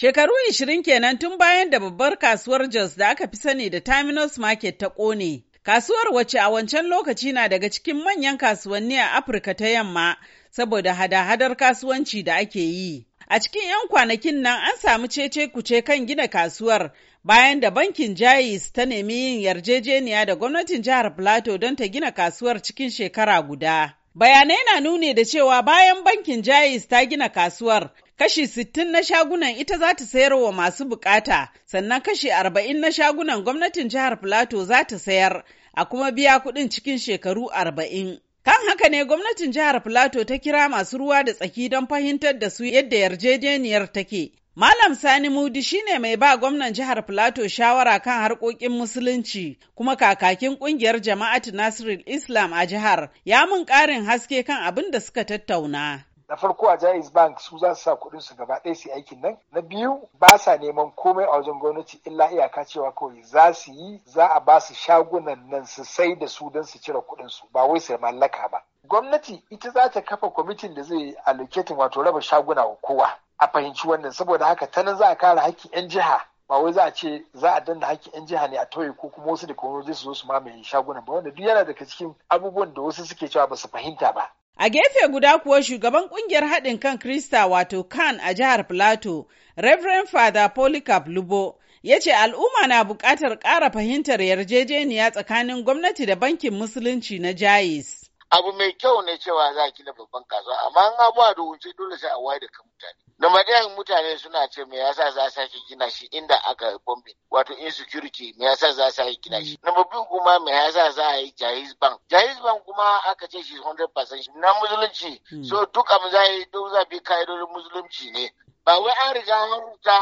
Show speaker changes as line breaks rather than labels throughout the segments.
Shekaru 20 kenan tun bayan da babbar kasuwar Jos da aka fi sani da Terminus Market ta ƙone. Kasuwar wacce a wancan lokaci na daga cikin manyan kasuwanni a Afirka ta yamma saboda hada-hadar kasuwanci da ake yi. A cikin 'yan kwanakin nan an samu cece kuce kan gina kasuwar bayan da bankin Jais ta nemi yin yarjejeniya da gwamnatin jihar Plateau don ta gina kasuwar cikin shekara guda. Bayanai na nune da cewa bayan bankin Jais ta gina kasuwar, kashi sittin na shagunan ita za ta sayar wa masu bukata sannan kashi arba'in na shagunan gwamnatin jihar Filato za ta sayar a kuma biya kuɗin cikin shekaru arba'in. Kan haka ne gwamnatin jihar Filato ta kira masu ruwa da tsaki don fahimtar da su yadda yarjejeniyar take. Malam Sani Mudi shine mai ba gwamnan jihar Filato shawara kan harkokin musulunci kuma kakakin kungiyar jama'at Nasirul Islam a jihar ya mun karin haske kan abin da suka tattauna.
na farko a jais bank su za su sa kuɗin su gaba ɗaya su yi aikin nan na biyu ba sa neman komai a wajen gwamnati illa iyaka cewa kawai za su yi za a ba su shagunan nan su sai da su don su cire kuɗin su ba wai su mallaka ba gwamnati ita za ta kafa kwamitin da zai allocating wato raba shaguna wa kowa a fahimci wannan saboda haka ta nan za a kare hakkin 'yan jiha ba wai za a ce za a danna haƙƙin 'yan jiha ne a tauye ko kuma wasu da kwamnati su zo su mamaye shagunan ba wanda duk yana daga cikin abubuwan da wasu suke cewa ba su fahimta ba
A gefe guda kuwa shugaban kungiyar haɗin kan Krista wato kan a jihar Plateau, Reverend Father Polycarp Lubo, ya ce al'umma na buƙatar ƙara fahimtar yarjejeniya tsakanin gwamnati da bankin musulunci na Jais.
abu mai kyau ne cewa za ki na babban kasuwa amma an abu a wuce dole sai a wayar da kan mutane nomadiyan mutane suna ce me yasa za a sake gina shi inda aka bombe wato insecurity me yasa za a sake gina shi mm. na babban kuma me yasa za a yi jahiz bank jahiz bank kuma aka ce shi 100% na musulunci mm. so duk abin za a yi duk za a bi ka'idodin musulunci ne ba wai an riga an rubuta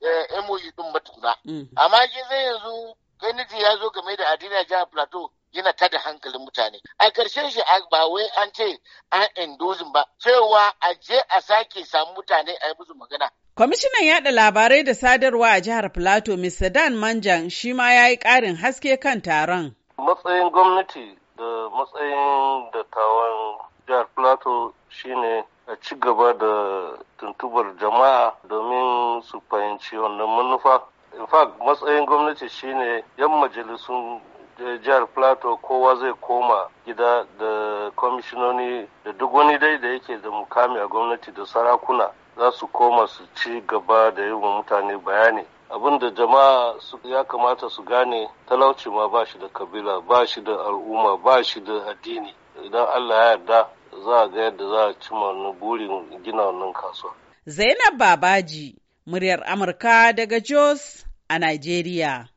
eh, MOU e din ba tukuna mm. amma ke zai yanzu gwamnati ya zo game da adina jihar plateau yana tada hankalin mutane a ƙarshen shi ba wai an ce an endozin ba cewa a je a sake samu mutane a yi musu magana
Kwamishinan yada labarai da sadarwa a jihar Filato, Mr. Dan Manjan, shi ma ya yi ƙarin haske kan taron.
Matsayin gwamnati da matsayin dattawan jihar Filato shine a ci gaba da tuntubar jama'a domin su fahimci wannan manufa. In fact, matsayin gwamnati shine 'yan majalisun jihar plateau kowa zai koma gida da kwamishinoni da duk wani dai da yake da mukami a gwamnati da sarakuna za su koma su ci gaba da yi wa mutane bayani abin da jama'a ya kamata su gane talauci ma ba shi da kabila ba shi da al'umma ba shi da addini idan allah ya yarda za a ga yadda za a ci burin gina wannan kasuwa
zainab babaji muryar amurka daga jos a nigeria